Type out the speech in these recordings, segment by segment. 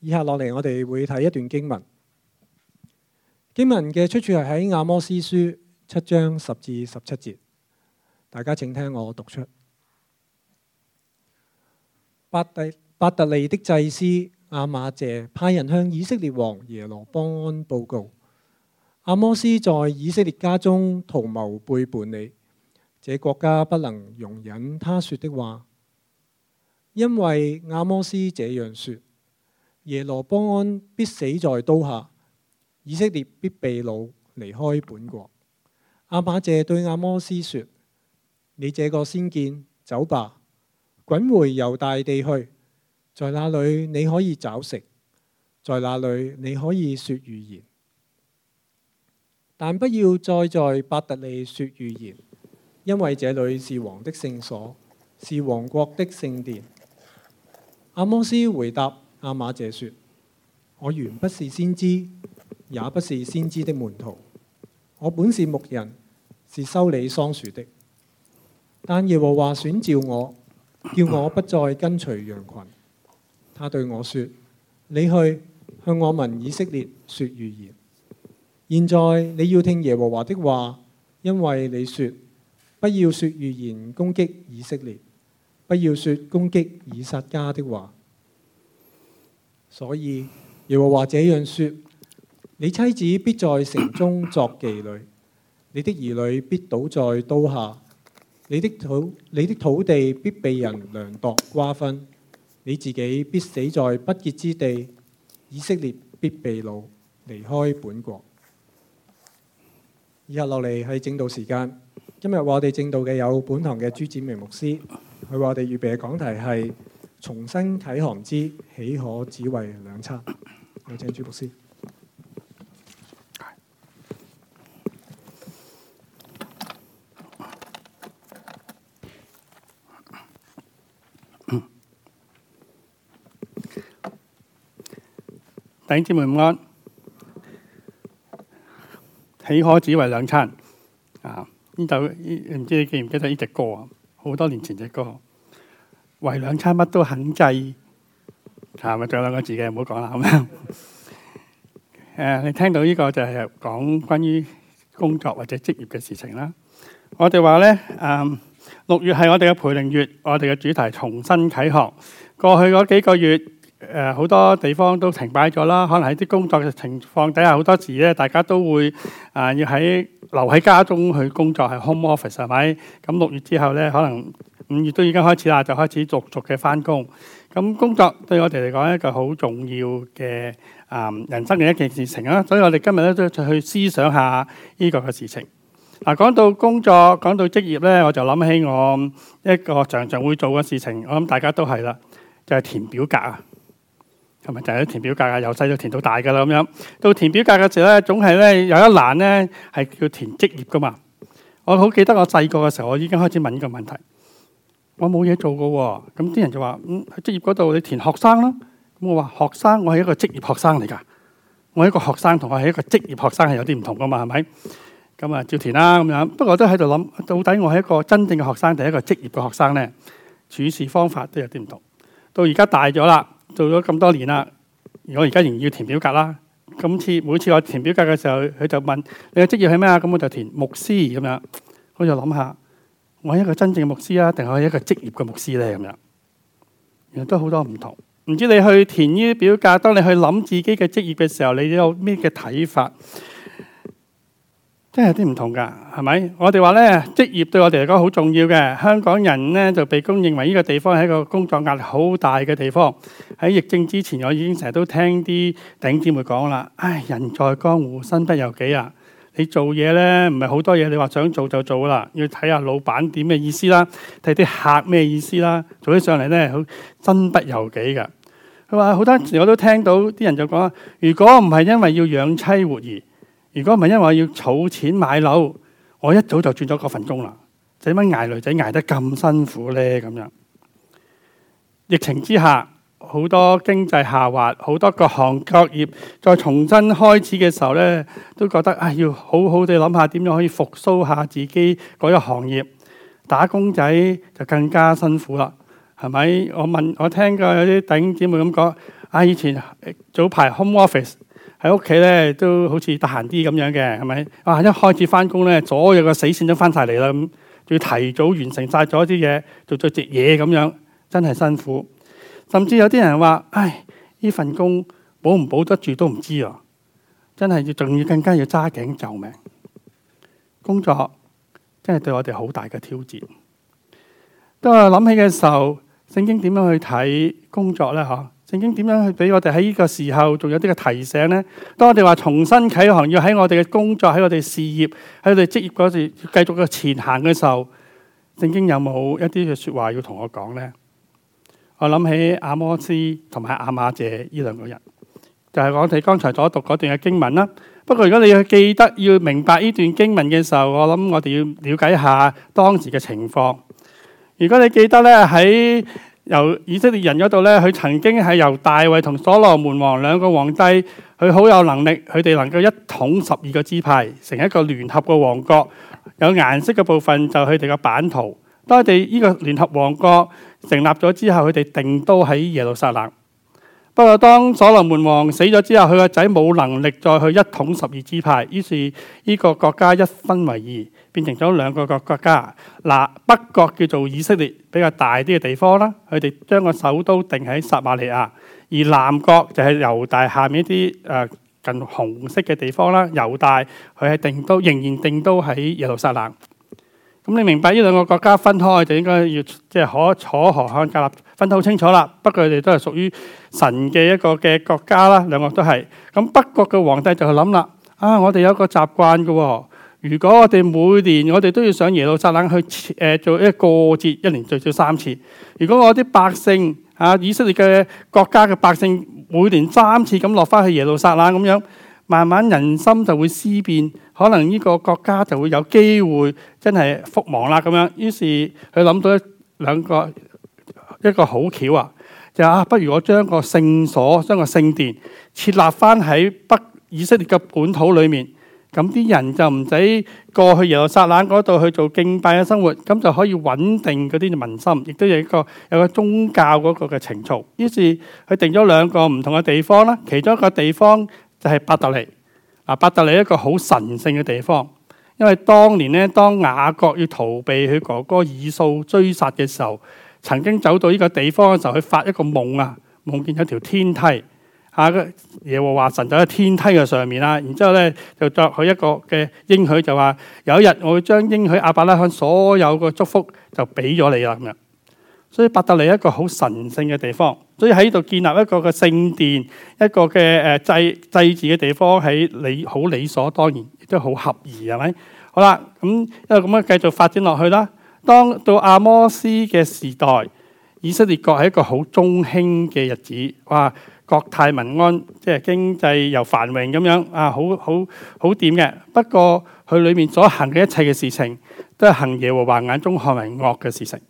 以下落嚟，我哋會睇一段經文。經文嘅出處係喺亞摩斯書七章十至十七節，大家請聽我讀出。伯特伯特利的祭司阿馬謝派人向以色列王耶羅邦安報告：亞摩斯在以色列家中圖謀背叛你，這國家不能容忍他說的話，因為亞摩斯這樣說。耶羅波安必死在刀下，以色列必被擄離開本國。阿瑪謝對阿摩斯說：你這個先見，走吧，滾回猶大地去，在那裏你可以找食，在那裏你可以說預言，但不要再在伯特利說預言，因為這裏是王的聖所，是王國的聖殿。阿摩斯回答。阿馬謝說：我原不是先知，也不是先知的門徒。我本是牧人，是修理桑樹的。但耶和華選召我，叫我不再跟隨羊群。他對我說：你去向我民以色列說預言。現在你要聽耶和華的話，因為你說：不要說預言攻擊以色列，不要說攻擊以撒家的話。所以耶和華這樣說：你妻子必在城中作妓女，你的兒女必倒在刀下，你的土你的土地必被人掠奪瓜分，你自己必死在不潔之地，以色列必被擄離開本國。以下落嚟係正道時間，今日話我哋正道嘅有本堂嘅朱子明牧師，佢話我哋預備嘅講題係。重新啓航之，豈可只為兩餐？有請朱牧師。弟兄姊妹午安，豈可只為兩餐？啊！呢首唔知你記唔記得呢隻歌啊？好多年前隻歌。為兩餐乜都肯制，係咪仲有兩個字嘅？唔好講啦，好唔好？誒， 你聽到呢個就係講關於工作或者職業嘅事情啦。我哋話咧，誒、嗯，六月係我哋嘅培靈月，我哋嘅主題重新啟學。過去嗰幾個月。誒，好多地方都停擺咗啦，可能喺啲工作嘅情況底下，好多時咧，大家都會啊要喺留喺家中去工作係 home office 係咪？咁六月之後咧，可能五月都已經開始啦，就開始陸續嘅翻工。咁工作對我哋嚟講一個好重要嘅啊人生嘅一件事情啦，所以我哋今日咧都去思想下呢個嘅事情。嗱，講到工作，講到職業咧，我就諗起我一個常常會做嘅事情，我諗大家都係啦，就係填表格啊。咁咪就係啲填表格噶，由細到填到大噶啦，咁樣到填表格嘅時候咧，總係咧有一欄咧係叫填職業噶嘛。我好記得我細個嘅時候，我已經開始問呢個問題。我冇嘢做噶喎，咁啲人就話：嗯，職業嗰度你填學生啦。咁我話學生，我係一個職業學生嚟噶。我係一個學生同我係一個職業學生係有啲唔同噶嘛，係咪？咁啊，照填啦咁樣。不過我都喺度諗，到底我係一個真正嘅學生定一個職業嘅學生咧？處事方法都有啲唔同。到而家大咗啦。做咗咁多年啦，我而家仍然要填表格啦。今次每次我填表格嘅時候，佢就問你嘅職業係咩啊？咁我就填牧師咁樣。我就諗下，我係一個真正嘅牧師啊，定係一個職業嘅牧師呢？咁樣，原來都好多唔同。唔知你去填呢啲表格，當你去諗自己嘅職業嘅時候，你有咩嘅睇法？真係有啲唔同㗎，係咪？我哋話咧，職業對我哋嚟講好重要嘅。香港人咧就被公認為呢個地方係一個工作壓力好大嘅地方。喺疫症之前，我已經成日都聽啲頂尖會講啦。唉、哎，人在江湖，身不由己啊！你做嘢咧，唔係好多嘢，你話想做就做啦，要睇下老闆點嘅意思啦，睇啲客咩意思啦，做起上嚟咧好身不由己㗎。佢話好多時我都聽到啲人就講，如果唔係因為要養妻活兒。如果唔係因為要儲錢買樓，我一早就轉咗嗰份工啦。點解捱女仔捱得咁辛苦呢？咁樣疫情之下，好多經濟下滑，好多各行各業再重新開始嘅時候呢，都覺得啊，要好好地諗下點樣可以復甦下自己嗰個行業。打工仔就更加辛苦啦，係咪？我問我聽過有啲弟兄姊妹咁講，啊，以前早排 home office。喺屋企咧都好似得閒啲咁樣嘅，係咪？啊，一開始翻工咧，所有嘅死綫都翻晒嚟啦，咁仲要提早完成晒咗啲嘢，做咗隻嘢咁樣，真係辛苦。甚至有啲人話：唉，呢份工保唔保得住都唔知啊！真係要，仲要更加要揸頸救命。工作真係對我哋好大嘅挑戰。咁啊，諗起嘅時候，聖經點樣去睇工作咧？嗬？聖經點樣去俾我哋喺呢個時候，仲有啲嘅提醒呢？當我哋話重新啟航，要喺我哋嘅工作、喺我哋事業、喺我哋職業嗰時，要繼續嘅前行嘅時候，聖經有冇一啲嘅說話要同我講呢？我諗起阿摩司同埋亞瑪謝呢兩個人，就係、是、我哋剛才所讀嗰段嘅經文啦。不過如果你要記得要明白呢段經文嘅時候，我諗我哋要了解一下當時嘅情況。如果你記得咧喺。由以色列人嗰度咧，佢曾經係由大衛同所羅門王兩個皇帝，佢好有能力，佢哋能夠一統十二個支派，成一個聯合嘅王國，有顏色嘅部分就佢哋嘅版圖。當佢哋呢個聯合王國成立咗之後，佢哋定都喺耶路撒冷。不過，當所羅門王死咗之後，佢個仔冇能力再去一統十二支派，於是呢個國家一分為二，變成咗兩個國國家。嗱，北國叫做以色列，比較大啲嘅地方啦，佢哋將個首都定喺撒瑪利亞；而南國就係猶大下面一啲誒近紅色嘅地方啦，猶大佢喺定都仍然定都喺耶路撒冷。咁你明白呢兩個國家分開就應該要即係可楚河漢格立，分得好清楚啦。不過佢哋都係屬於神嘅一個嘅國家啦，兩個都係。咁北國嘅皇帝就去諗啦。啊，我哋有個習慣嘅喎，如果我哋每年我哋都要上耶路撒冷去誒、呃、做一個節，一年最少三次。如果我啲百姓啊，以色列嘅國家嘅百姓每年三次咁落翻去耶路撒冷咁樣，慢慢人心就會思變，可能呢個國家就會有機會真係覆亡啦。咁樣，於是佢諗到一兩個一個好橋啊，就是、啊，不如我將個聖所、將個聖殿設立翻喺北以色列嘅本土裏面，咁啲人就唔使過去耶路撒冷嗰度去做敬拜嘅生活，咁就可以穩定嗰啲民心，亦都有一個有一個宗教嗰個嘅情操。於是佢定咗兩個唔同嘅地方啦，其中一個地方。就係、是、伯特利嗱，伯特利一個好神聖嘅地方，因為當年咧，當雅各要逃避佢哥哥以掃追殺嘅時候，曾經走到呢個地方嘅時候，佢發一個夢啊，夢見咗條天梯啊。耶和華神就喺天梯嘅上面啦。然之後咧，就作佢一個嘅應許，就話有一日，我會將應許亞伯拉罕所有嘅祝福就俾咗你啦，咁樣。所以伯特利一個好神聖嘅地方，所以喺呢度建立一個嘅聖殿，一個嘅誒祭祭祀嘅地方喺理好理所當然，亦都好合宜係咪？好啦，咁因為咁樣繼續發展落去啦。當到阿摩斯嘅時代，以色列國係一個好中興嘅日子，哇！國泰民安，即係經濟又繁榮咁樣啊，好好好掂嘅。不過佢裏面所行嘅一切嘅事情，都係行耶和華眼中看為惡嘅事情。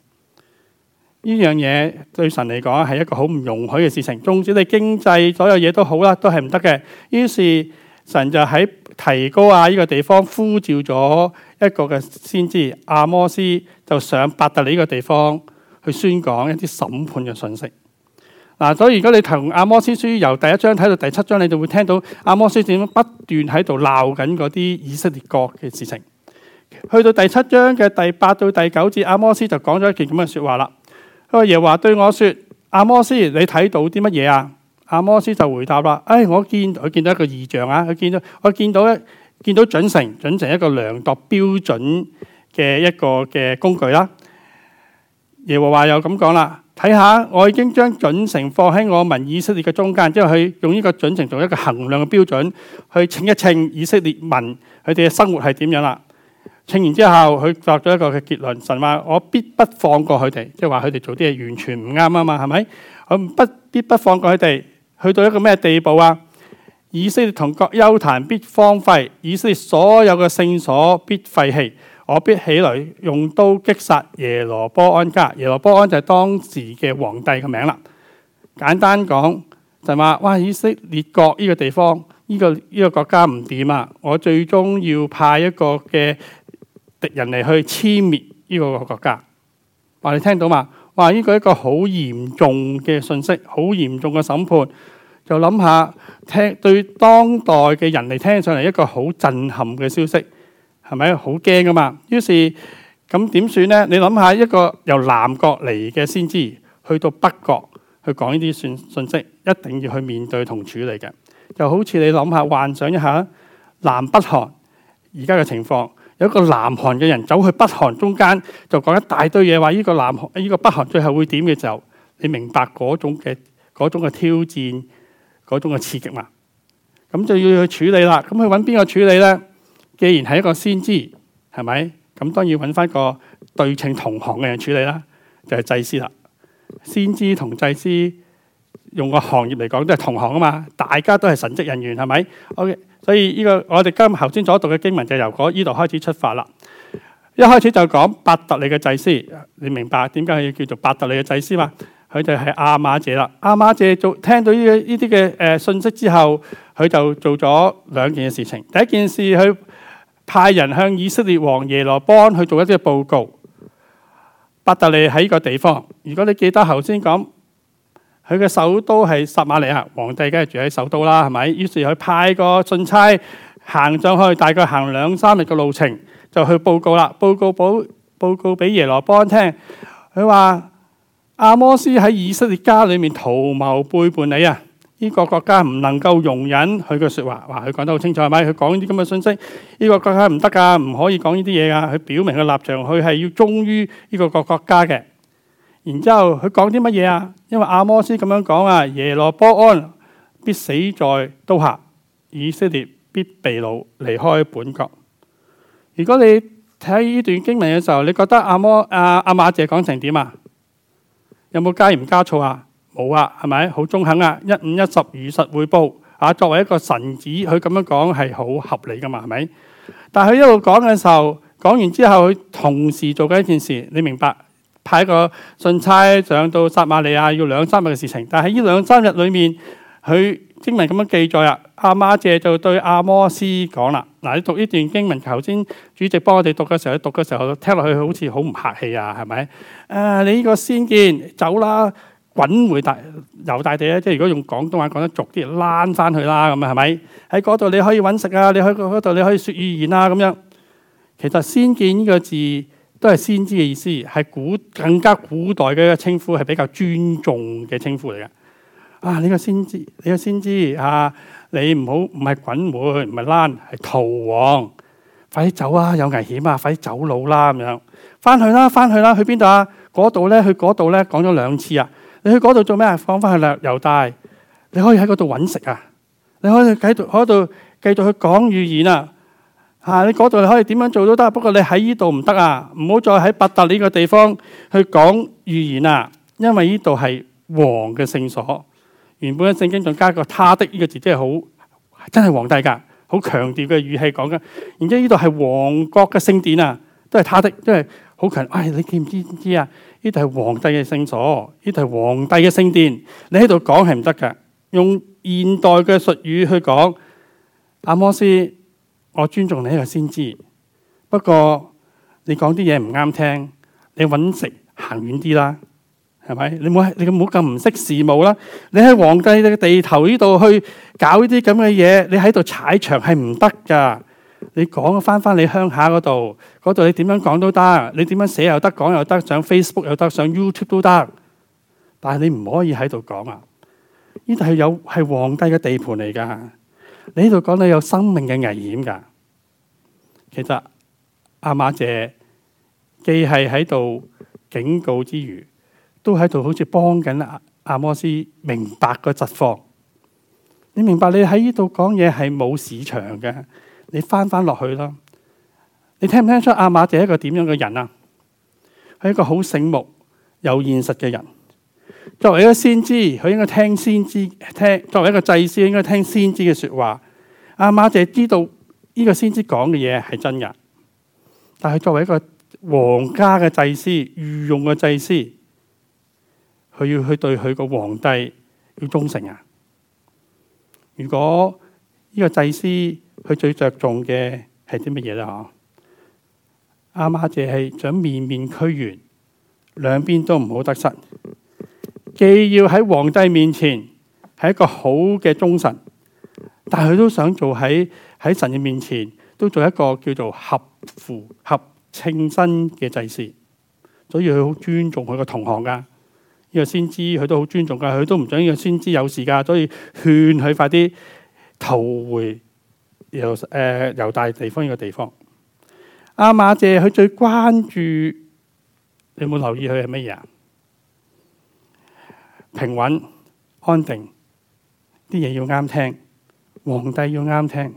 呢樣嘢對神嚟講係一個好唔容許嘅事情，縱使你經濟所有嘢都好啦，都係唔得嘅。於是神就喺提高亞呢個地方呼召咗一個嘅先知阿摩斯，就上伯特利呢個地方去宣講一啲審判嘅信息。嗱，所以如果你同阿摩斯書由第一章睇到第七章，你就會聽到阿摩斯點樣不斷喺度鬧緊嗰啲以色列國嘅事情。去到第七章嘅第八到第九節，阿摩斯就講咗一件咁嘅說話啦。佢話耶和華對我說：阿摩斯，你睇到啲乜嘢啊？阿摩斯就回答啦：誒，我見佢見到一個異象啊，佢見到我見到咧，見到準繩，準繩，一個量度標準嘅一個嘅工具啦。耶和華又咁講啦：睇下我已經將準繩放喺我民以色列嘅中間，即係去用呢個準繩做一個衡量嘅標準，去稱一稱以色列民佢哋嘅生活係點樣啦。稱完之後，佢作咗一個嘅結論。神話我必不放過佢哋，即係話佢哋做啲嘢完全唔啱啊嘛，係咪？我不必不放過佢哋，去到一個咩地步啊？以色列同國丘壇必荒廢，以色列所有嘅聖所必廢棄。我必起來用刀擊殺耶羅波安家。耶羅波安就係當時嘅皇帝嘅名啦。簡單講就係話，哇！以色列國呢個地方呢個呢個國家唔掂啊，我最終要派一個嘅。敵人嚟去殲滅呢個國家，哇！你聽到嘛？哇！呢個一個好嚴重嘅信息，好嚴重嘅審判，就諗下聽對當代嘅人嚟聽上嚟一個好震撼嘅消息，係咪？好驚啊嘛！於是咁點算呢？你諗下一個由南國嚟嘅先知去到北國去講呢啲信信息，一定要去面對同處理嘅。就好似你諗下幻想一下南北韓而家嘅情況。有個南韓嘅人走去北韓中間，就講一大堆嘢，話呢個南韓呢個北韓最後會點嘅時候，你明白嗰種嘅嗰種嘅挑戰，嗰種嘅刺激嘛？咁就要去處理啦。咁去揾邊個處理呢？既然係一個先知，係咪？咁當然揾翻個對稱同行嘅人處理啦，就係祭司啦。先知同祭司。用個行業嚟講都係同行啊嘛，大家都係神職人員係咪？OK，所以呢個我哋今頭先所讀嘅經文就由嗰呢度開始出發啦。一開始就講伯特利嘅祭司，你明白點解佢叫做伯特利嘅祭司嘛？佢就係亞瑪謝啦。亞瑪謝做聽到呢啲嘅誒信息之後，佢就做咗兩件嘅事情。第一件事，佢派人向以色列王耶羅波安去做一啲嘅報告。伯特利喺呢個地方，如果你記得頭先講。佢嘅首都係撒馬利亞，皇帝梗係住喺首都啦，係咪？於是佢派個信差行上去，大概行兩三日嘅路程，就去報告啦。報告保報告俾耶羅波安聽，佢話阿摩斯喺以色列家裏面圖謀背叛你啊！呢個國家唔能夠容忍佢嘅説話。哇！佢講得好清楚，係咪？佢講呢啲咁嘅信息，呢個國家唔得噶，唔可以講呢啲嘢噶。佢表明嘅立場，佢係要忠於呢個國國家嘅。然之後佢講啲乜嘢啊？因為阿摩斯咁樣講啊，耶羅波安必死在刀下，以色列必被擄離開本國。如果你睇呢段經文嘅時候，你覺得阿摩阿阿瑪謝講成點啊？有冇加鹽加醋啊？冇啊，係咪好中肯啊？一五一十如實匯報啊！作為一個神子，佢咁樣講係好合理噶嘛，係咪？但係佢一路講嘅時候，講完之後佢同時做緊一件事，你明白？係一個信差上到撒瑪利亞要兩三日嘅事情，但係呢兩三日裏面，佢經文咁樣記載啦。亞媽謝就對亞摩斯講啦：嗱，你讀呢段經文，頭先主席幫我哋讀嘅時候，讀嘅時候聽落去好似好唔客氣啊，係咪？啊，你呢個先見走啦，滾回大猶大地啦，即係如果用廣東話講得俗啲，躝翻去啦，咁啊，係咪？喺嗰度你可以揾食啊，你去嗰嗰度你可以說預言啊，咁樣。其實先見呢個字。都係先知嘅意思，係古更加古代嘅一個稱呼，係比較尊重嘅稱呼嚟嘅。啊，呢個先知，呢個先知啊，你唔好唔係滾回，唔係躝，係逃亡。快啲走啊，有危險啊！快啲走佬啦，啊，咁樣翻去啦，翻去啦，去邊度啊？嗰度咧，去嗰度咧，講咗兩次啊。你去嗰度做咩啊？放翻去勒猶大，你可以喺嗰度揾食啊。你可以喺度喺度繼續去講語言啊。啊！你嗰度可以點樣做都得，不過你喺呢度唔得啊！唔好再喺八達呢個地方去講預言啊！因為呢度係王嘅聖所，原本嘅聖經仲加個他的呢個字，即係好真係皇帝噶，好強調嘅語氣講嘅。然之後呢度係王國嘅聖殿啊，都係他的，都係好強。唉、哎，你知唔知知啊？呢度係皇帝嘅聖所，呢度係皇帝嘅聖殿，你喺度講係唔得嘅。用現代嘅術語去講，阿摩斯。我尊重你喺度先知，不過你講啲嘢唔啱聽，你搵食行遠啲啦，係咪？你唔好你唔好咁唔識事務啦，你喺皇帝嘅地頭呢度去搞呢啲咁嘅嘢，你喺度踩場係唔得噶。你講翻翻你鄉下嗰度，嗰度你點樣講都得，你點樣寫又得，講又得，上 Facebook 又得，上 YouTube 都得，但係你唔可以喺度講啊！呢度係有係皇帝嘅地盤嚟噶，你呢度講你有生命嘅危險噶。其實阿馬姐，既係喺度警告之餘，都喺度好似幫緊阿摩斯明白個疾況。你明白你是的？你喺呢度講嘢係冇市場嘅，你翻翻落去啦。你聽唔聽出阿馬姐係一個點樣嘅人啊？係一個好醒目有現實嘅人。作為一個先知，佢應該聽先知聽；作為一個祭司，應該聽先知嘅說話。阿馬姐知道。呢、這個先知講嘅嘢係真㗎，但係作為一個皇家嘅祭司，御用嘅祭司，佢要去對佢個皇帝要忠誠啊！如果呢個祭司佢最着重嘅係啲乜嘢咧？嗬，阿媽姐係想面面俱圓，兩邊都唔好得失，既要喺皇帝面前係一個好嘅忠臣，但係佢都想做喺。喺神嘅面前都做一個叫做合符合稱身嘅祭祀。所以佢好尊重佢個同行噶，呢個先知佢都好尊重噶，佢都唔想呢個先知有事噶，所以勸佢快啲逃回由誒猶、呃、大地方呢個地方。阿、啊、瑪謝佢最關注，你沒有冇留意佢係乜嘢啊？平穩安定，啲嘢要啱聽，皇帝要啱聽。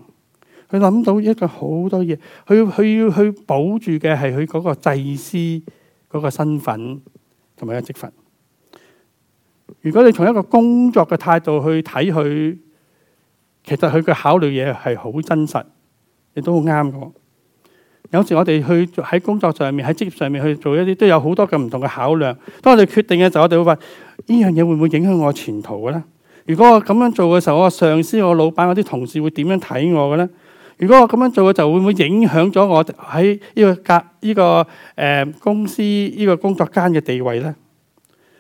佢諗到一個好多嘢，佢佢要去保住嘅係佢嗰個祭司嗰個身份同埋個職份。如果你從一個工作嘅態度去睇佢，其實佢嘅考慮嘢係好真實，亦都好啱嘅。有時我哋去喺工作上面，喺職業上面去做一啲，都有好多嘅唔同嘅考量。當我哋決定嘅時候，我哋會話呢樣嘢會唔會影響我前途嘅咧？如果我咁樣做嘅時候，我上司、我老闆、我啲同事會點樣睇我嘅咧？如果我咁樣做嘅，就會唔會影響咗我喺呢個隔呢個誒公司呢個工作間嘅地位咧？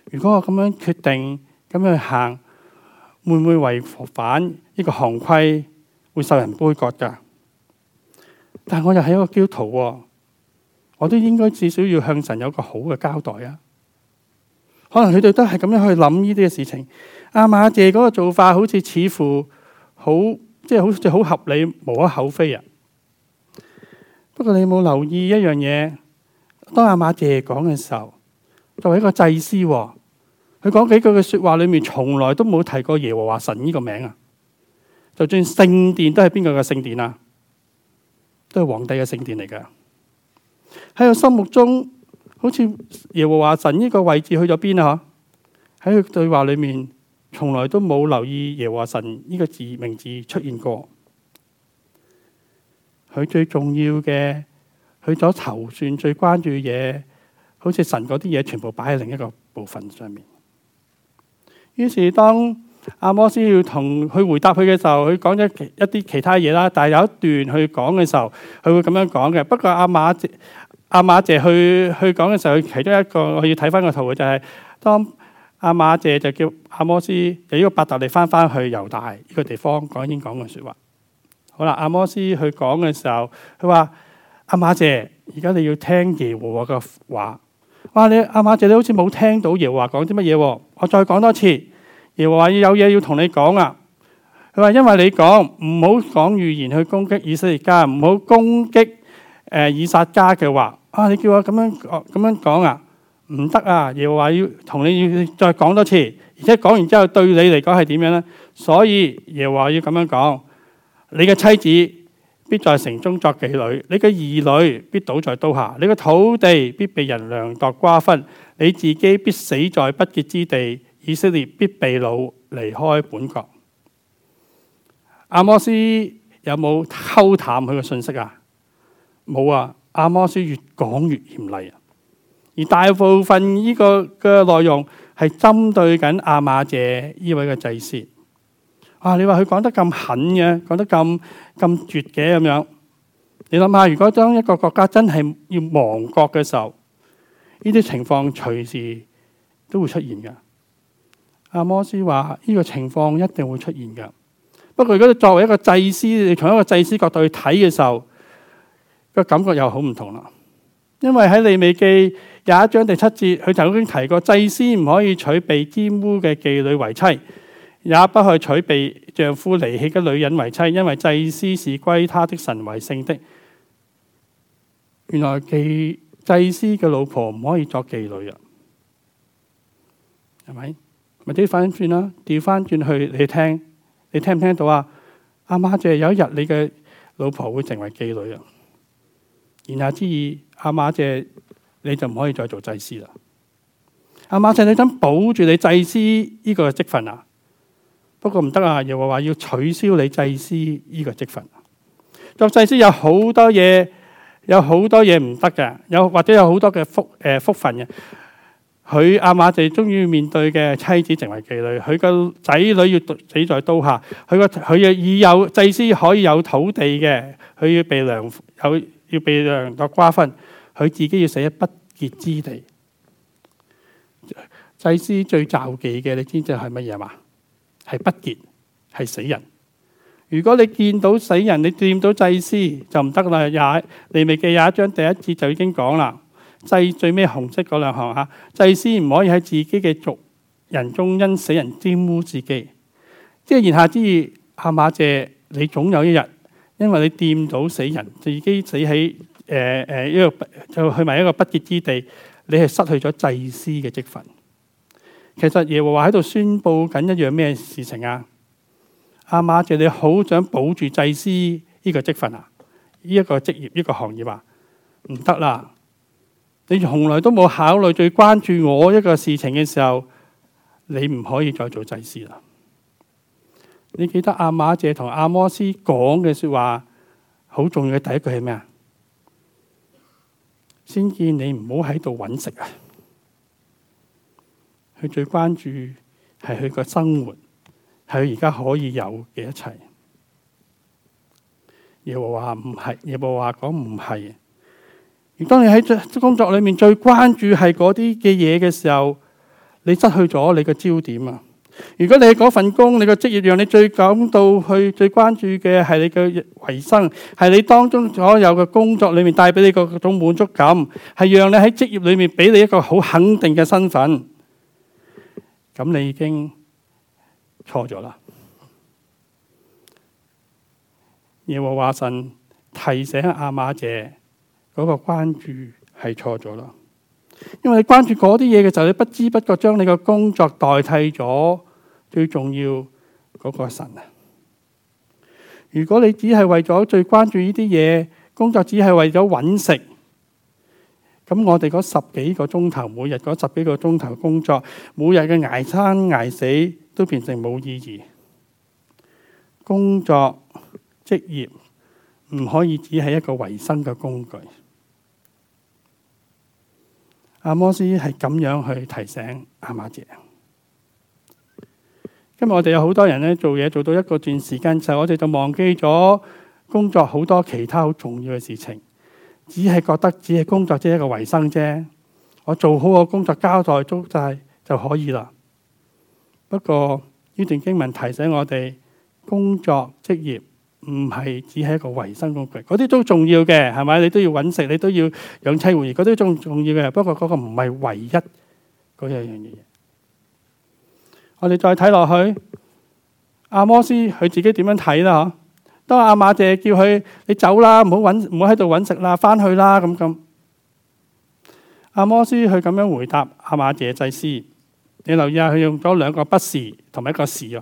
如果我咁樣決定咁樣行，會唔會違反呢個行規，會受人杯葛噶？但係我又係一個基督徒，我都應該至少要向神有個好嘅交代啊！可能佢哋都係咁樣去諗呢啲嘅事情。阿馬謝嗰個做法，好似似乎好。即係好似好合理，無可厚非啊！不過你有冇留意一樣嘢？當阿馬謝講嘅時候，作為一個祭司，佢講幾句嘅説話裏面，從來都冇提過耶和華神呢個名啊！就算聖殿都係邊個嘅聖殿啊？都係皇帝嘅聖殿嚟噶。喺我心目中，好似耶和華神呢個位置去咗邊啊？喺佢對話裏面。從來都冇留意耶和華神呢個字名字、出現過，佢最重要嘅，佢所籌算、最關注嘅嘢，好似神嗰啲嘢，全部擺喺另一個部分上面。於是當阿摩斯要同佢回答佢嘅時候，佢講咗一啲其他嘢啦，但係有一段佢去講嘅時候，佢會咁樣講嘅。不過阿馬阿馬爺去去講嘅時候，其中一個我要睇翻個圖嘅就係、是、當。阿馬謝就叫阿摩斯由呢個伯特利翻翻去猶大呢個地方講英講嘅說話。好啦，阿摩斯去講嘅時候，佢話阿馬謝，而家你要聽耶和華嘅話。哇，你阿馬謝你好似冇聽到耶和華講啲乜嘢？我再講多次，耶和華要有嘢要同你講啊。佢話因為你講唔好講預言去攻擊以色列家，唔好攻擊誒以撒家嘅話。啊，你叫我咁樣講咁樣講啊。唔得啊！耶華要同你再講多次，而且講完之後對你嚟講係點樣呢？所以耶華要咁樣講。你嘅妻子必在城中作妓女，你嘅兒女必倒在刀下，你嘅土地必被人量度瓜分，你自己必死在不潔之地，以色列必被擄離開本國。阿摩斯有冇偷探佢嘅信息啊？冇啊！阿摩斯越講越嚴厲啊！而大部分呢個嘅內容係針對緊亞瑪謝呢位嘅祭師。啊，你話佢講得咁狠嘅，講得咁咁絕嘅咁樣。你諗下，如果當一個國家真係要亡國嘅時候，呢啲情況隨時都會出現嘅。阿摩斯話呢個情況一定會出現嘅。不過如果你作為一個祭師，你從一個祭師角度去睇嘅時候，個感覺又好唔同啦。因為喺利未記廿一章第七節，佢曾經提過祭司唔可以娶被玷污嘅妓女為妻，也不可娶被丈夫離棄嘅女人為妻，因為祭司是歸他的神為聖的。原來祭祭司嘅老婆唔可以作妓女啊，係咪？咪啲反轉啦，調翻轉去你聽，你聽唔聽到啊？阿媽就係有一日，你嘅老婆會成為妓女啊。言下之意。阿馬謝，你就唔可以再做祭司啦。阿馬謝，你想保住你祭司呢個職份啊？不過唔得啊，又話話要取消你祭司呢個職份。做祭司有好多嘢，有好多嘢唔得嘅，有或者有好多嘅福誒、呃、福分嘅。佢阿馬謝鍾意面對嘅妻子成為妓女，佢個仔女要死在刀下，佢個佢嘅已有祭司可以有土地嘅，佢要被良有。要被量度瓜分，佢自己要死喺不潔之地。祭司最罩忌嘅，你知唔知係乜嘢嘛？係不潔，係死人。如果你見到死人，你掂到祭司就唔得啦。利未記廿一章第一節就已經講啦。祭最尾紅色嗰兩行嚇，祭司唔可以喺自己嘅族人中因死人玷污自己。即係言下之意，阿馬謝，你總有一日。因為你掂到死人，自己死喺誒誒，一、呃、個、呃、就去埋一個不潔之地，你係失去咗祭司嘅職份。其實耶和華喺度宣布緊一樣咩事情啊？阿馬謝你好想保住祭司呢個職份啊？呢、這、一個職業呢、這個行業啊？唔得啦！你從來都冇考慮最關注我一個事情嘅時候，你唔可以再做祭司啦。你記得阿馬姐同阿摩斯講嘅說話好重要嘅第一句係咩啊？先見你唔好喺度揾食啊！佢最關注係佢個生活，係佢而家可以有嘅一切。耶和華唔係耶和華講唔係。而當你喺工作裏面最關注係嗰啲嘅嘢嘅時候，你失去咗你嘅焦點啊！如果你嗰份工，你個職業讓你最感到去最關注嘅係你嘅維生，係你當中所有嘅工作裏面帶俾你個種滿足感，係讓你喺職業裏面俾你一個好肯定嘅身份，咁你已經錯咗啦。耶和華神提醒阿瑪謝，嗰、嗰個關注係錯咗啦。因為你關注嗰啲嘢嘅時候，你不知不覺將你個工作代替咗最重要嗰個神啊！如果你只係為咗最關注呢啲嘢，工作只係為咗揾食，咁我哋嗰十幾個鐘頭每日嗰十幾個鐘頭工作，每日嘅挨餐挨死都變成冇意義。工作職業唔可以只係一個維生嘅工具。阿摩斯係咁樣去提醒阿媽姐。今日我哋有好多人咧，做嘢做到一個段時間就我哋就忘記咗工作好多其他好重要嘅事情，只係覺得只係工作，只係一個維生啫。我做好我工作交代足晒就可以啦。不過呢段經文提醒我哋工作職業。唔係只係一個維生工具，嗰啲都重要嘅，係咪？你都要揾食，你都要養妻活兒，嗰啲都重要嘅。不過嗰個唔係唯一嗰樣嘢。我哋再睇落去，阿摩斯佢自己點樣睇啦？嗬，當阿馬謝叫佢你走啦，唔好唔好喺度揾食啦，翻去啦咁咁。阿摩斯佢咁樣回答阿馬謝祭司，你留意下，佢用咗兩個不是同埋一個是啊。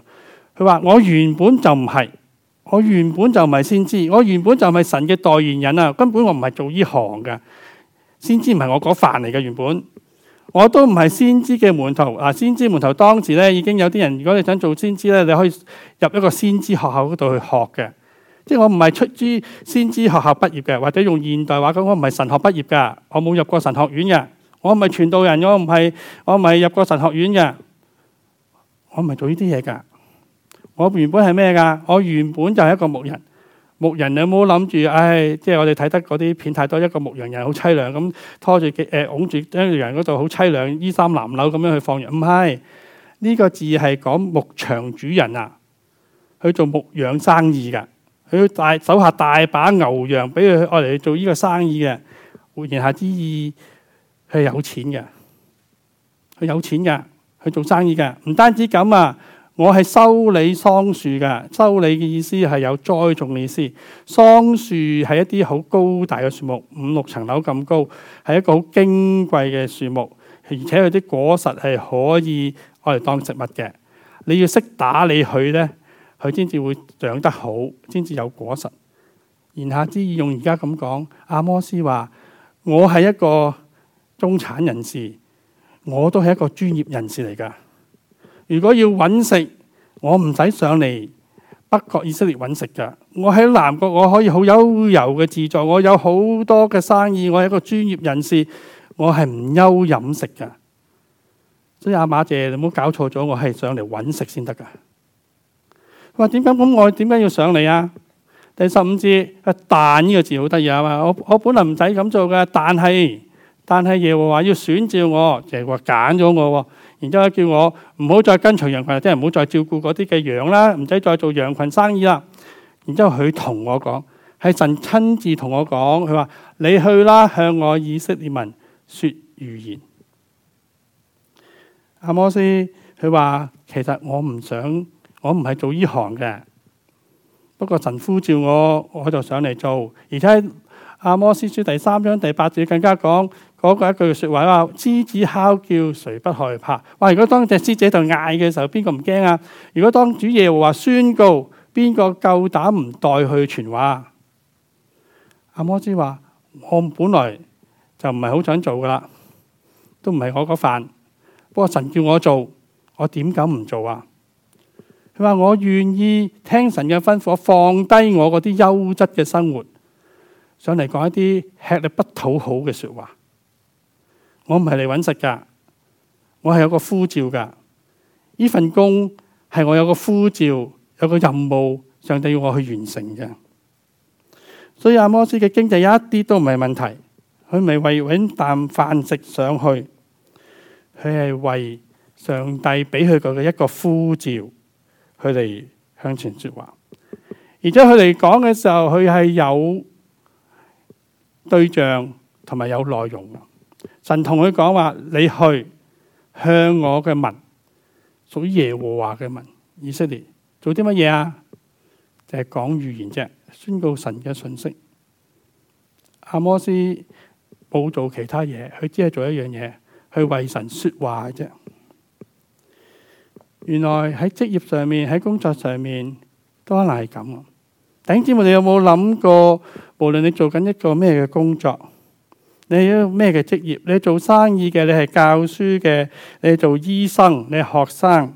佢話我原本就唔係。我原本就唔係先知，我原本就唔係神嘅代言人啊！根本我唔係做呢行嘅，先知唔係我嗰範嚟嘅。原本我都唔係先知嘅門徒啊！先知門徒當時咧已經有啲人，如果你想做先知咧，你可以入一個先知學校嗰度去學嘅。即係我唔係出於先知學校畢業嘅，或者用現代話講，我唔係神學畢業噶，我冇入過神學院嘅，我唔係傳道人，我唔係，我唔係入過神學院嘅，我唔係做呢啲嘢噶。我原本係咩噶？我原本就係一個牧人。牧人你有冇諗住？唉，即係我哋睇得嗰啲片太多，一個牧羊人好淒涼咁，拖住誒，拱住羊人嗰度好淒涼，衣衫襤褸咁樣去放羊。唔係，呢個字係講牧場主人啊，佢做牧羊生意噶，佢大手下大把牛羊俾佢愛嚟做呢個生意嘅。換言下之意，佢有錢嘅，佢有錢噶，佢做生意噶，唔單止咁啊。我係修理桑樹噶，修理嘅意思係有栽種嘅意思。桑樹係一啲好高大嘅樹木，五六層樓咁高，係一個好矜貴嘅樹木，而且佢啲果實係可以攞嚟當植物嘅。你要識打理佢呢，佢先至會長得好，先至有果實。言下之意，用而家咁講，阿摩斯話我係一個中產人士，我都係一個專業人士嚟噶。如果要揾食，我唔使上嚟北國以色列揾食噶。我喺南國，我可以好悠游嘅自助。我有好多嘅生意，我係一個專業人士，我係唔憂飲食噶。所以阿馬姐，你唔好搞錯咗，我係上嚟揾食先得噶。佢話，點解咁我點解要上嚟啊？第十五節但呢個字好得意啊嘛。我我本來唔使咁做嘅，但係但係耶和華要選召我，耶和華揀咗我。然之後叫我唔好再跟隨羊群，或者唔好再照顧嗰啲嘅羊啦，唔使再做羊群生意啦。然之後佢同我講，係神親自同我講，佢話你去啦，向我以色列民說預言。阿摩司，佢話其實我唔想，我唔係做呢行嘅，不過神呼召我，我就上嚟做。而且阿摩司書第三章第八節更加講。嗰、那個一句説話話：獅子敲叫，誰不害怕？哇！如果當隻獅子喺度嗌嘅時候，邊個唔驚啊？如果當主耶穌話宣告，邊個夠膽唔代去傳話？阿摩司話：我本來就唔係好想做噶啦，都唔係我個飯。不過神叫我做，我點敢唔做啊？佢話：我願意聽神嘅吩咐，放低我嗰啲優質嘅生活，上嚟講一啲吃力不討好嘅説話。我唔係嚟揾食噶，我係有個呼召噶。呢份工係我有個呼召，有個任務，上帝要我去完成嘅。所以阿摩斯嘅經濟有一啲都唔係問題，佢唔係為揾啖飯食上去，佢係為上帝俾佢個嘅一個呼召，佢嚟向前說話。而且佢哋講嘅時候，佢係有對象同埋有內容的。神同佢講話，你去向我嘅民，屬於耶和華嘅民以色列，做啲乜嘢啊？就係講預言啫，宣告神嘅信息。阿摩斯冇做其他嘢，佢只係做一樣嘢，去為神說話啫。原來喺職業上面，喺工作上面，都係咁。頂知我哋有冇諗過，無論你做緊一個咩嘅工作？你有咩嘅職業？你做生意嘅，你係教書嘅，你做醫生，你係學生，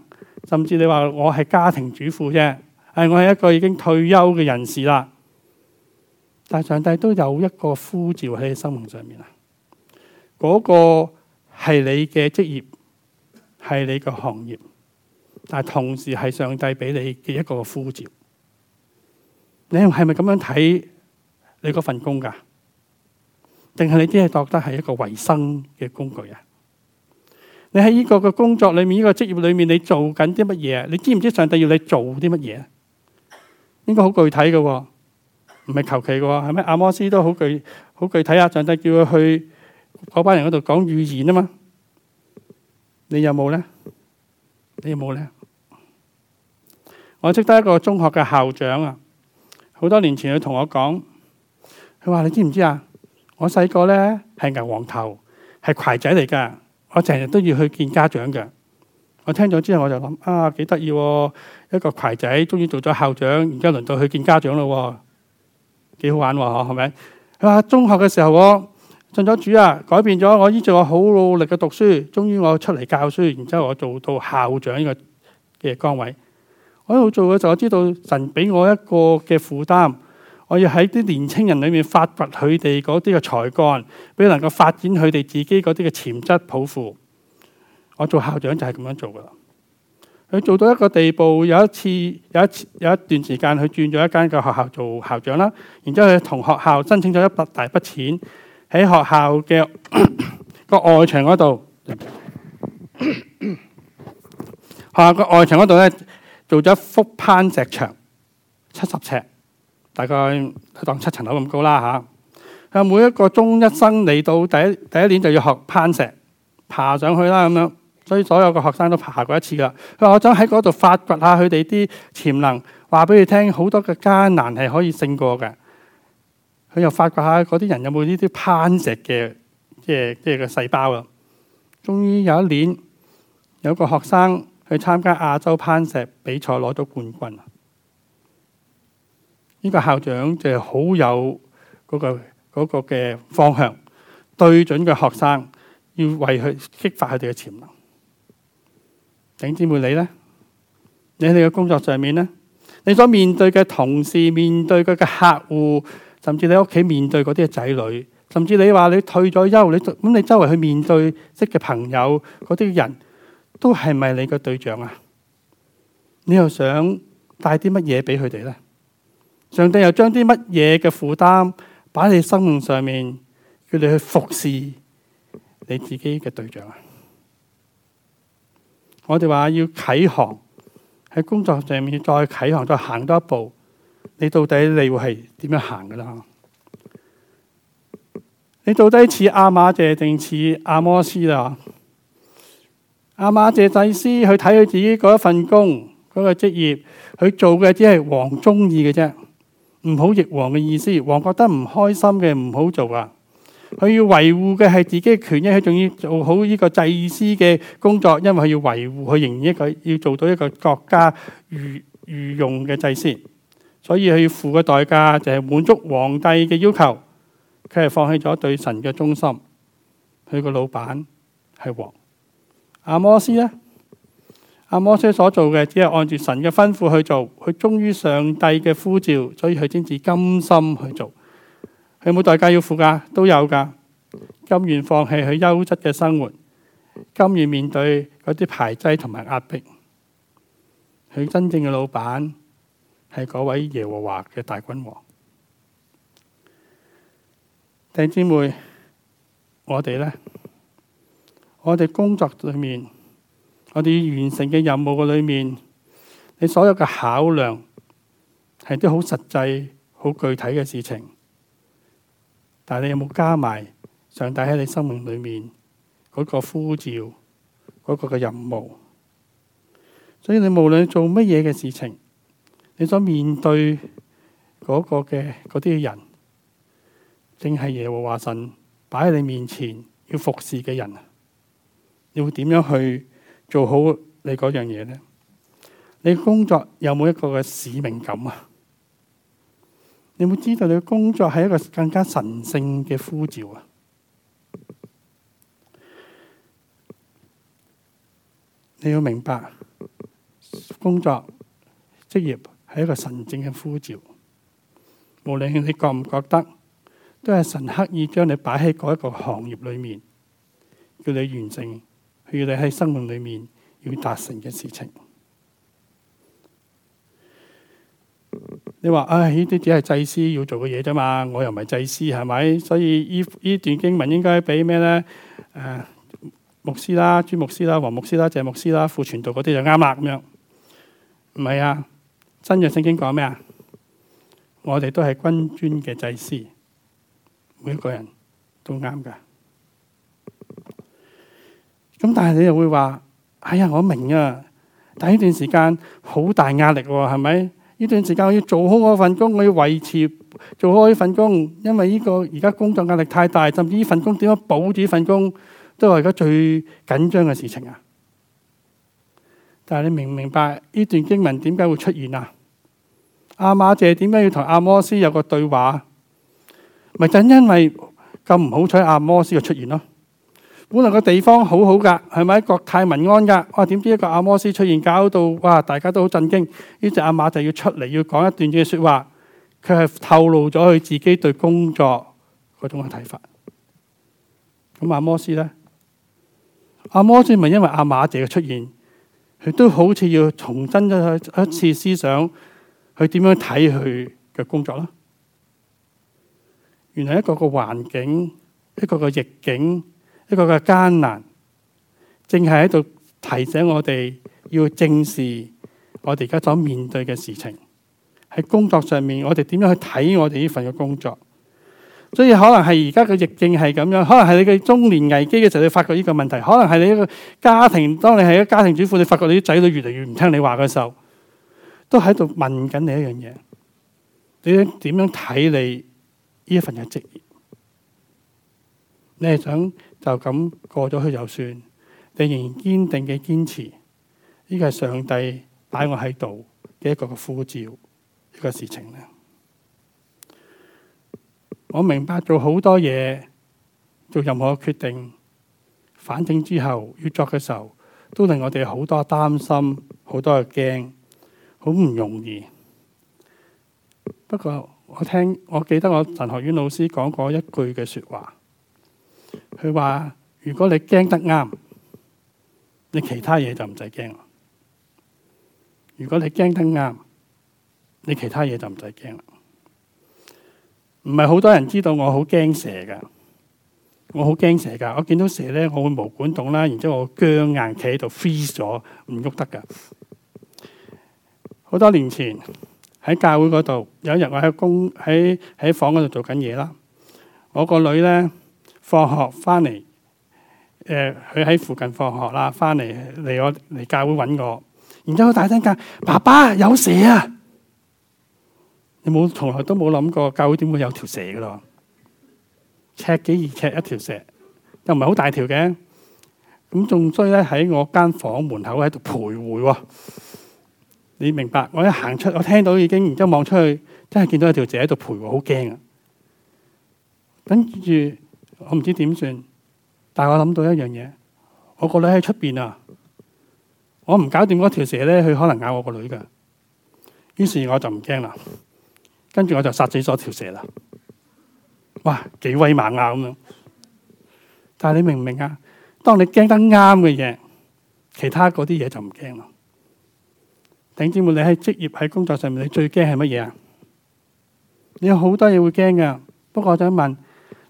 甚至你話我係家庭主婦啫，係我係一個已經退休嘅人士啦。但上帝都有一個呼召喺你生命上面啊！嗰個係你嘅職業，係你嘅行業，但同時係上帝俾你嘅一個呼召。你係咪咁樣睇你嗰份工噶？定係你只係覺得係一個維生嘅工具啊？你喺呢個嘅工作裏面，呢個職業裏面，你做緊啲乜嘢？你知唔知上帝要你做啲乜嘢？應該好具體嘅，唔係求其嘅係咩？阿摩斯都好具好具體啊！上帝叫佢去嗰班人嗰度講預言啊嘛。你有冇咧？你有冇咧？我識得一個中學嘅校長啊，好多年前佢同我講，佢話，你知唔知啊？我細個咧係牛黃頭，係葵仔嚟噶。我成日都要去見家長嘅。我聽咗之後我就諗啊，幾得意喎！一個葵仔終於做咗校長，而家輪到去見家長咯，幾好玩喎！吓，係咪？啊，中學嘅時候我信咗主啊，改變咗我，依就我好努力嘅讀書，終於我出嚟教書，然之後我做到校長呢個嘅崗位。我一路做嘅就係我知道神俾我一個嘅負擔。我要喺啲年青人裏面發掘佢哋嗰啲嘅才幹，俾能夠發展佢哋自己嗰啲嘅潛質抱負。我做校長就係咁樣做噶啦。佢做到一個地步，有一次，有一次，有一段時間，佢轉咗一間嘅學校做校長啦。然之後佢同學校申請咗一筆大筆錢，喺學校嘅個 外牆嗰度，學校個外牆嗰度咧做咗一幅攀石牆，七十尺。大概當七層樓咁高啦，吓，啊每一個中一生嚟到第一第一年就要學攀石，爬上去啦，咁樣，所以所有個學生都爬過一次噶。佢話，我想喺嗰度發掘下佢哋啲潛能，話俾你聽好多嘅艱難係可以勝過嘅。佢又發掘下嗰啲人有冇呢啲攀石嘅，即係即係個細胞啊！終於有一年，有一個學生去參加亞洲攀石比賽攞到冠軍。呢個校長就係好有嗰個嗰個嘅方向，對準嘅學生要為佢激發佢哋嘅潛能。頂尖妹你咧，你喺你嘅工作上面咧，你所面對嘅同事、面對佢嘅客戶，甚至你屋企面對嗰啲仔女，甚至你話你退咗休，你咁你周圍去面對識嘅朋友嗰啲人，都係咪你嘅對象啊？你又想帶啲乜嘢俾佢哋咧？上帝又將啲乜嘢嘅負擔擺喺你生命上面，叫你去服侍你自己嘅對象啊！我哋話要啟航喺工作上面，再啟航，再行多一步。你到底你會係點樣行噶啦？你到底似阿瑪謝定似阿摩斯啊？阿瑪謝祭司去睇佢自己嗰一份工，嗰、嗰個職業佢做嘅只係王中意嘅啫。唔好逆王嘅意思，王覺得唔開心嘅唔好做啊！佢要維護嘅係自己嘅權益，佢仲要做好呢個祭司嘅工作，因為佢要維護佢仍然一個要做到一個國家御御用嘅祭司，所以佢要付嘅代價就係滿足皇帝嘅要求，佢係放棄咗對神嘅忠心。佢個老闆係王，阿摩斯咧？阿摩西所做嘅，只係按住神嘅吩咐去做，佢忠於上帝嘅呼召，所以佢先至甘心去做。有冇代價要付噶？都有噶甘願放棄佢優質嘅生活，甘願面對嗰啲排擠同埋壓迫。佢真正嘅老闆係嗰位耶和華嘅大君王。弟兄姊妹，我哋呢？我哋工作裏面。我哋完成嘅任務嘅裏面，你所有嘅考量係啲好實際、好具體嘅事情。但係你有冇加埋上帝喺你生命裏面嗰個呼召、嗰、嗰個嘅任務？所以你無論做乜嘢嘅事情，你所面對嗰個嘅嗰啲人，正係耶和華神擺喺你面前要服侍嘅人，你要點樣去？做好你嗰樣嘢咧，你工作有冇一個嘅使命感啊？你有冇知道你工作係一個更加神聖嘅呼召啊？你要明白，工作、職業係一個神聖嘅呼召，無論你覺唔覺得，都係神刻意將你擺喺嗰一個行業裏面，叫你完成。譬如你喺生命裏面要達成嘅事情你，你話，唉，呢啲只係祭司要做嘅嘢咋嘛，我又唔係祭司係咪？所以呢依段經文應該俾咩咧？誒、啊，牧師啦、主牧師啦、王牧師啦、謝牧師啦、副傳道嗰啲就啱啦咁樣。唔係啊，新約聖經講咩啊？我哋都係君尊嘅祭司，每一個人都啱噶。咁但係你又會話，哎呀，我明啊，但呢段時間好大壓力喎，係咪？呢段時間我要做好我份工，我要維持做好我份工，因為呢個而家工作壓力太大，甚至呢份工點樣保住呢份工，都係而家最緊張嘅事情啊！但係你明唔明白呢段經文點解會出現啊？亞瑪謝點解要同亞摩斯有個對話？咪就因為咁唔好彩亞摩斯嘅出現咯。本來個地方好好噶，係咪國泰民安噶？哇！點知一個阿摩斯出現，搞到哇！大家都好震驚。呢隻阿馬就要出嚟，要講一段嘅說話，佢係透露咗佢自己對工作嗰種嘅睇法。咁阿摩斯呢？阿摩斯咪因為阿馬姐嘅出現，佢都好似要重申一一次思想，佢點樣睇佢嘅工作啦？原來一個個環境，一個個逆境。一個嘅艱難，正係喺度提醒我哋要正視我哋而家所面對嘅事情。喺工作上面，我哋點樣去睇我哋呢份嘅工作？所以可能係而家嘅疫症係咁樣，可能係你嘅中年危機嘅時候，你發覺呢個問題，可能係你一個家庭。當你係一個家庭主婦，你發覺你啲仔女越嚟越唔聽你話嘅時候，都喺度問緊你一樣嘢：你點樣睇你呢一份嘅職業？你係想？就咁過咗去就算，你仍然堅定嘅堅持，呢個係上帝擺我喺度嘅一個嘅呼召，呢、這個事情呢。我明白做好多嘢，做任何嘅決定，反省之後要作嘅時候，都令我哋好多擔心，好多嘅驚，好唔容易。不過我聽，我記得我神學院老師講過一句嘅說話。佢話：如果你驚得啱，你其他嘢就唔使驚啦。如果你驚得啱，你其他嘢就唔使驚啦。唔係好多人知道我好驚蛇噶，我好驚蛇噶。我見到蛇咧，我會毛管戙啦，然之後我僵硬企喺度 freeze 咗，唔喐得噶。好多年前喺教會嗰度有一日，我喺工喺喺房嗰度做緊嘢啦，我個女咧。放學翻嚟，誒，佢、呃、喺附近放學啦，翻嚟嚟我嚟教會揾我，然之後大聲講： 爸爸有蛇啊！你冇從來都冇諗過教會點會有條蛇噶咯？尺幾二尺，尺一條蛇，又唔係好大條嘅，咁仲衰咧，喺我間房門口喺度徘徊。你明白？我一行出，我聽到已經，然之後望出去，真係見到有條蛇喺度徘徊，好驚啊！跟住。我唔知點算，但係我諗到一樣嘢，我個女喺出邊啊！我唔搞掂嗰條蛇咧，佢可能咬我個女嘅。於是我就唔驚啦，跟住我就殺死咗條蛇啦。哇，幾威猛啊咁樣！但係你明唔明啊？當你驚得啱嘅嘢，其他嗰啲嘢就唔驚啦。頂住，你喺職業喺工作上面，你最驚係乜嘢啊？你有好多嘢會驚嘅，不過我想問。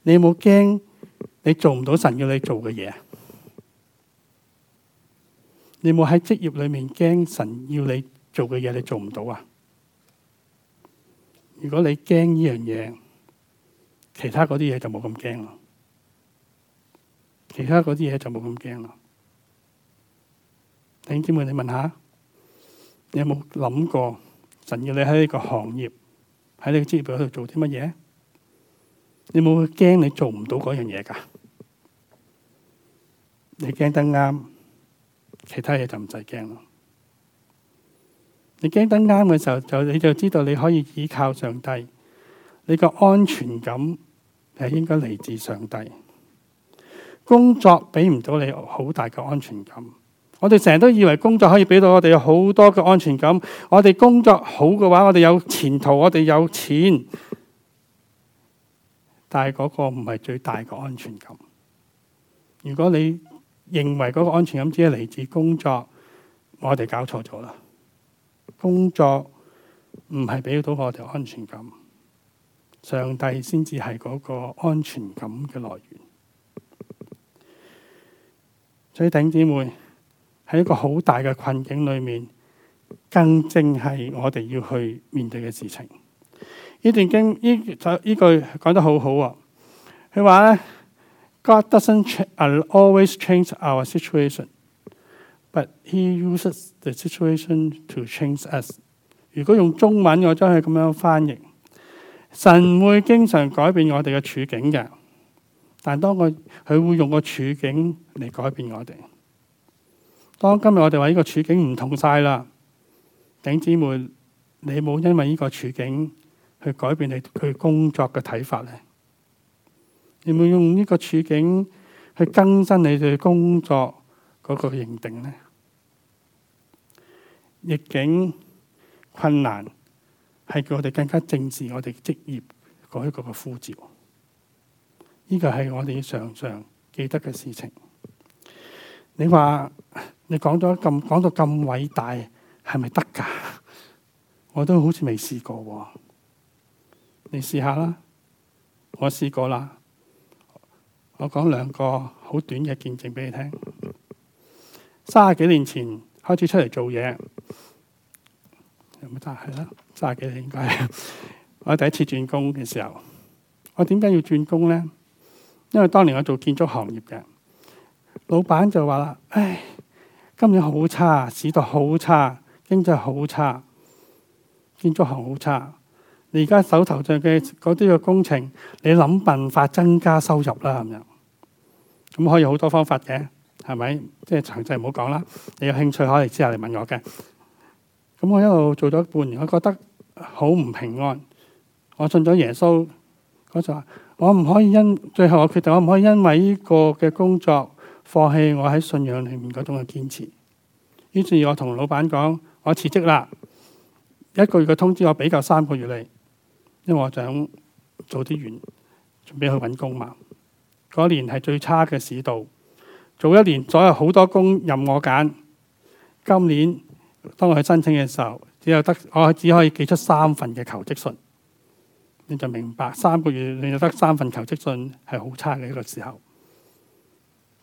你有冇驚你做唔到神要你做嘅嘢？你冇喺職業裏面驚神要你做嘅嘢你做唔到啊？如果你驚呢樣嘢，其他嗰啲嘢就冇咁驚咯。其他嗰啲嘢就冇咁驚咯。弟兄姊妹，你問下，你有冇諗過神要你喺呢個行業喺呢個職業嗰度做啲乜嘢？你冇驚，你做唔到嗰樣嘢噶。你驚得啱，其他嘢就唔使驚。你驚得啱嘅時候，就你就知道你可以依靠上帝。你個安全感係應該嚟自上帝。工作俾唔到你好大嘅安全感。我哋成日都以為工作可以俾到我哋好多嘅安全感。我哋工作好嘅話，我哋有前途，我哋有錢。但係嗰個唔係最大個安全感。如果你認為嗰個安全感只係嚟自工作，我哋搞錯咗啦。工作唔係俾到我哋安全感，上帝先至係嗰個安全感嘅來源。所以弟兄姊妹，喺一個好大嘅困境裏面，更正係我哋要去面對嘅事情。呢段經呢呢句講得好好啊！佢話咧，God doesn't always change our situation，but He uses the situation to change us。如果用中文，我將佢咁樣翻譯：神會經常改變我哋嘅處境嘅，但當佢佢會用個處境嚟改變我哋。當今日我哋話呢個處境唔同晒啦，弟兄姊妹，你冇因為呢個處境。去改變你對工作嘅睇法咧，你冇用呢個處境去更新你對工作嗰個認定咧？逆境困難係叫我哋更加正視我哋職業嗰一個嘅呼召。呢個係我哋常常記得嘅事情。你話你講咗咁講到咁偉大，係咪得噶？我都好似未試過。你試下啦，我試過啦。我講兩個好短嘅見證俾你聽。三十幾年前開始出嚟做嘢，有冇揸？係啦，三十幾年應該。我第一次轉工嘅時候，我點解要轉工咧？因為當年我做建築行業嘅，老闆就話啦：唉，今年好差，市道好差，經濟好差，建築行好差。而家手頭上嘅嗰啲嘅工程，你諗辦法增加收入啦，咁樣。咁可以好多方法嘅，係咪？即係詳細唔好講啦。你有興趣可以之後嚟問我嘅。咁我一路做咗半年，我覺得好唔平安。我信咗耶穌，我就話：我唔可以因最後我決定，我唔可以因為呢個嘅工作放棄我喺信仰裏面嗰種嘅堅持。於是，我同老闆講：我辭職啦。一個月嘅通知，我比較三個月嚟。因為我想早啲完，準備去搵工嘛。嗰年係最差嘅市道，早一年左右好多工任我揀。今年當我去申請嘅時候，只有得我只可以寄出三份嘅求職信。你就明白三個月，你就得三份求職信係好差嘅一個時候。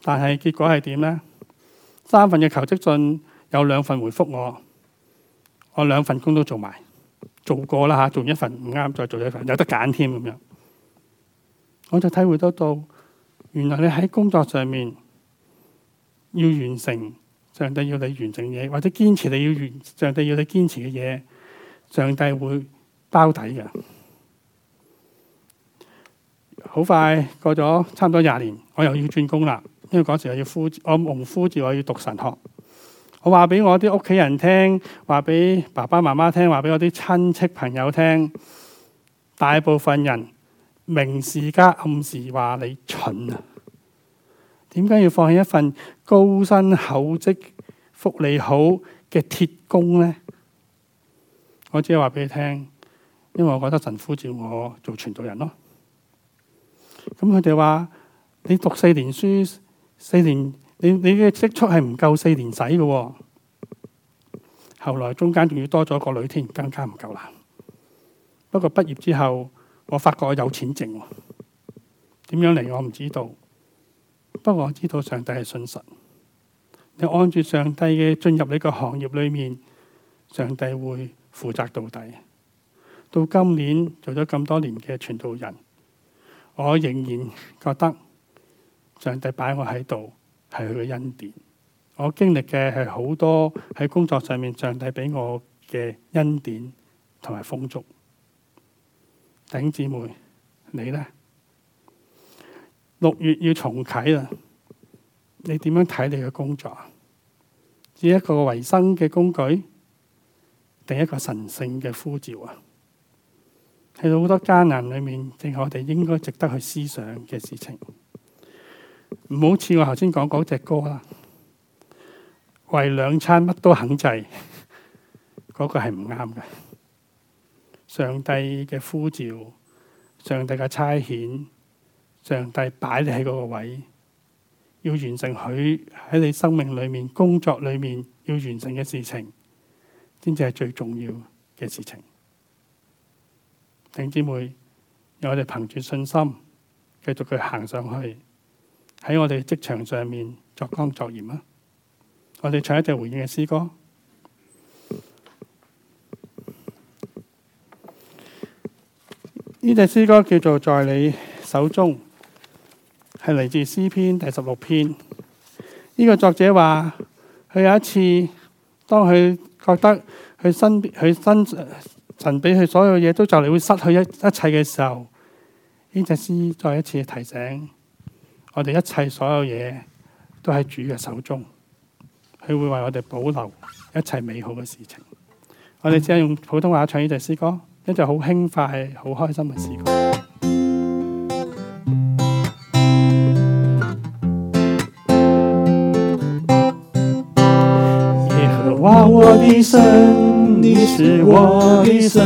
但係結果係點呢？三份嘅求職信有兩份回覆我，我兩份工都做埋。做過啦吓，做一份唔啱，再做一份，有得揀添咁樣。我就體會得到，原來你喺工作上面要完成，上帝要你完成嘢，或者堅持你要完成，上帝要你堅持嘅嘢，上帝會包底嘅。好快過咗差唔多廿年，我又要轉工啦，因為嗰時我要呼，我唔呼住我要讀神學。我話俾我啲屋企人聽，話俾爸爸媽媽聽，話俾我啲親戚朋友聽，大部分人明示加暗示話你蠢啊！點解要放棄一份高薪厚職、福利好嘅鐵工呢？我只係話俾你聽，因為我覺得神呼召我做傳道人咯。咁佢哋話你讀四年書，四年。你你嘅積蓄係唔夠四年使㗎喎。後來中間仲要多咗個女添，更加唔夠啦。不過畢業之後，我發覺我有錢剩，點樣嚟，我唔知道。不過我知道上帝係信實，你按住上帝嘅進入呢個行業裏面，上帝會負責到底。到今年做咗咁多年嘅傳道人，我仍然覺得上帝擺我喺度。係佢嘅恩典，我經歷嘅係好多喺工作上面，上帝俾我嘅恩典同埋豐足。弟兄姊妹，你呢？六月要重啟啦，你點樣睇你嘅工作？是一個維生嘅工具，定一個神聖嘅呼召啊？喺好多艱難裏面，正係我哋應該值得去思想嘅事情。唔好似我頭先講嗰隻歌啦，為兩餐乜都肯制，嗰個係唔啱嘅。上帝嘅呼召，上帝嘅差遣，上帝擺你喺嗰個位，要完成佢喺你生命裏面工作裏面要完成嘅事情，先至係最重要嘅事情。弟兄姊妹，我哋憑住信心，繼續佢行上去，喺我哋職場上面作光作鹽啦，我哋唱一隻回應嘅詩歌。呢隻詩歌叫做《在你手中》，係嚟自詩篇第十六篇。呢、這個作者話：，佢有一次，當佢覺得佢身佢神曾俾佢所有嘢都就嚟會失去一一切嘅時候，呢隻詩再一次提醒。我哋一切所有嘢都喺主嘅手中，佢會為我哋保留一切美好嘅事情。我哋只係用普通話唱呢隻詩,詩歌，一隻好輕快、好開心嘅詩歌。耶和華我,我的神，你是我的神，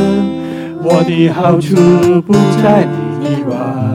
我的好處不在你以外。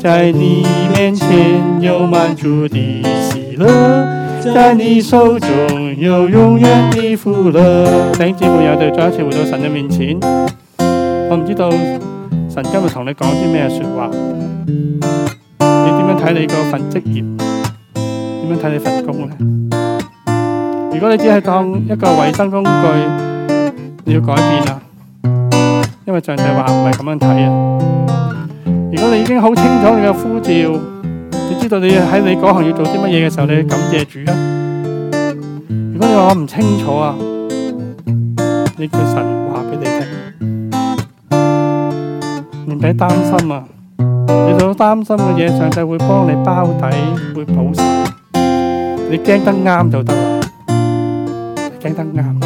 在你面前有滿足的喜樂，在你手中有永遠的福樂。弟兄姊妹，有哋再一次回到神嘅面前，我唔知道神今日同你講啲咩說話。你點樣睇你嗰份職業？點樣睇你份工咧？如果你只係當一個衛生工具，你要改變啊！因為上帝話唔係咁樣睇啊。如果你已經好清楚你嘅呼召，你知道你要喺你嗰行要做啲乜嘢嘅時候，你要感謝主啊！如果你話我唔清楚啊，呢句神話俾你聽。唔使擔心啊，你所有擔心嘅嘢，上帝會幫你包底，會保守。你驚得啱就得啦，驚得啱。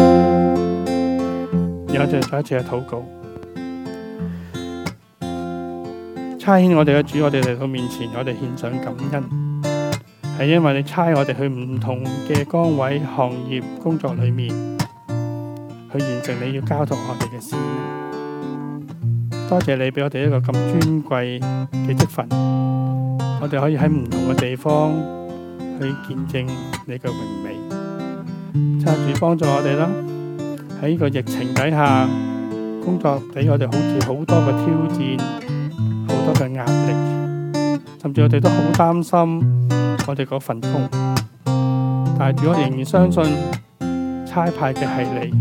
有就再一次去禱告，差遣我哋嘅主，我哋嚟到面前，我哋獻上感恩，係因為你差我哋去唔同嘅崗位、行業、工作裏面去完成你要交託我哋嘅事。多謝你俾我哋一個咁尊貴嘅職份，我哋可以喺唔同嘅地方去見證你嘅榮美。差主幫助我哋啦。喺呢個疫情底下，工作俾我哋好似好多嘅挑戰，好多嘅壓力，甚至我哋都好擔心我哋嗰份工。但係，如果仍然相信差派嘅係你，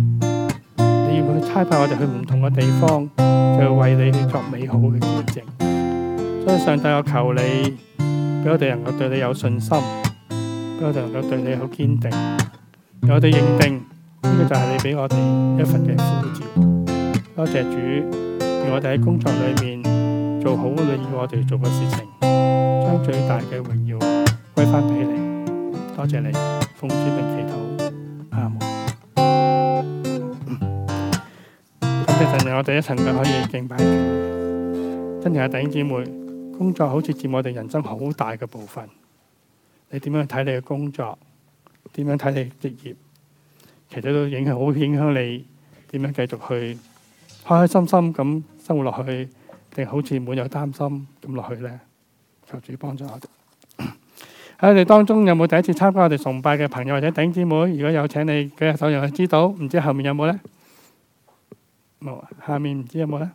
你要去差派我哋去唔同嘅地方，就為你去做美好嘅見證。所以，上帝，我求你俾我哋能夠對你有信心，俾我哋能夠對你好堅定，俾我哋認定。呢個就係你俾我哋一份嘅呼召，多謝主，讓我哋喺工作裏面做好你要我哋做嘅事情，將最大嘅榮耀歸翻俾你，多謝你奉主名祈禱，阿們。感謝神讓我第一層嘅可以敬拜，跟住弟兄姊妹，工作好似佔我哋人生好大嘅部分，你點樣睇你嘅工作？點樣睇你嘅職業？其實都影響好，影響你點樣繼續去開開心心咁生活落去，定好似滿有擔心咁落去呢？求主幫助我哋。喺我哋當中有冇第一次參加我哋崇拜嘅朋友或者頂姊妹？如果有請你舉下手讓佢知道。唔知後面有冇呢？冇，下面唔知有冇呢？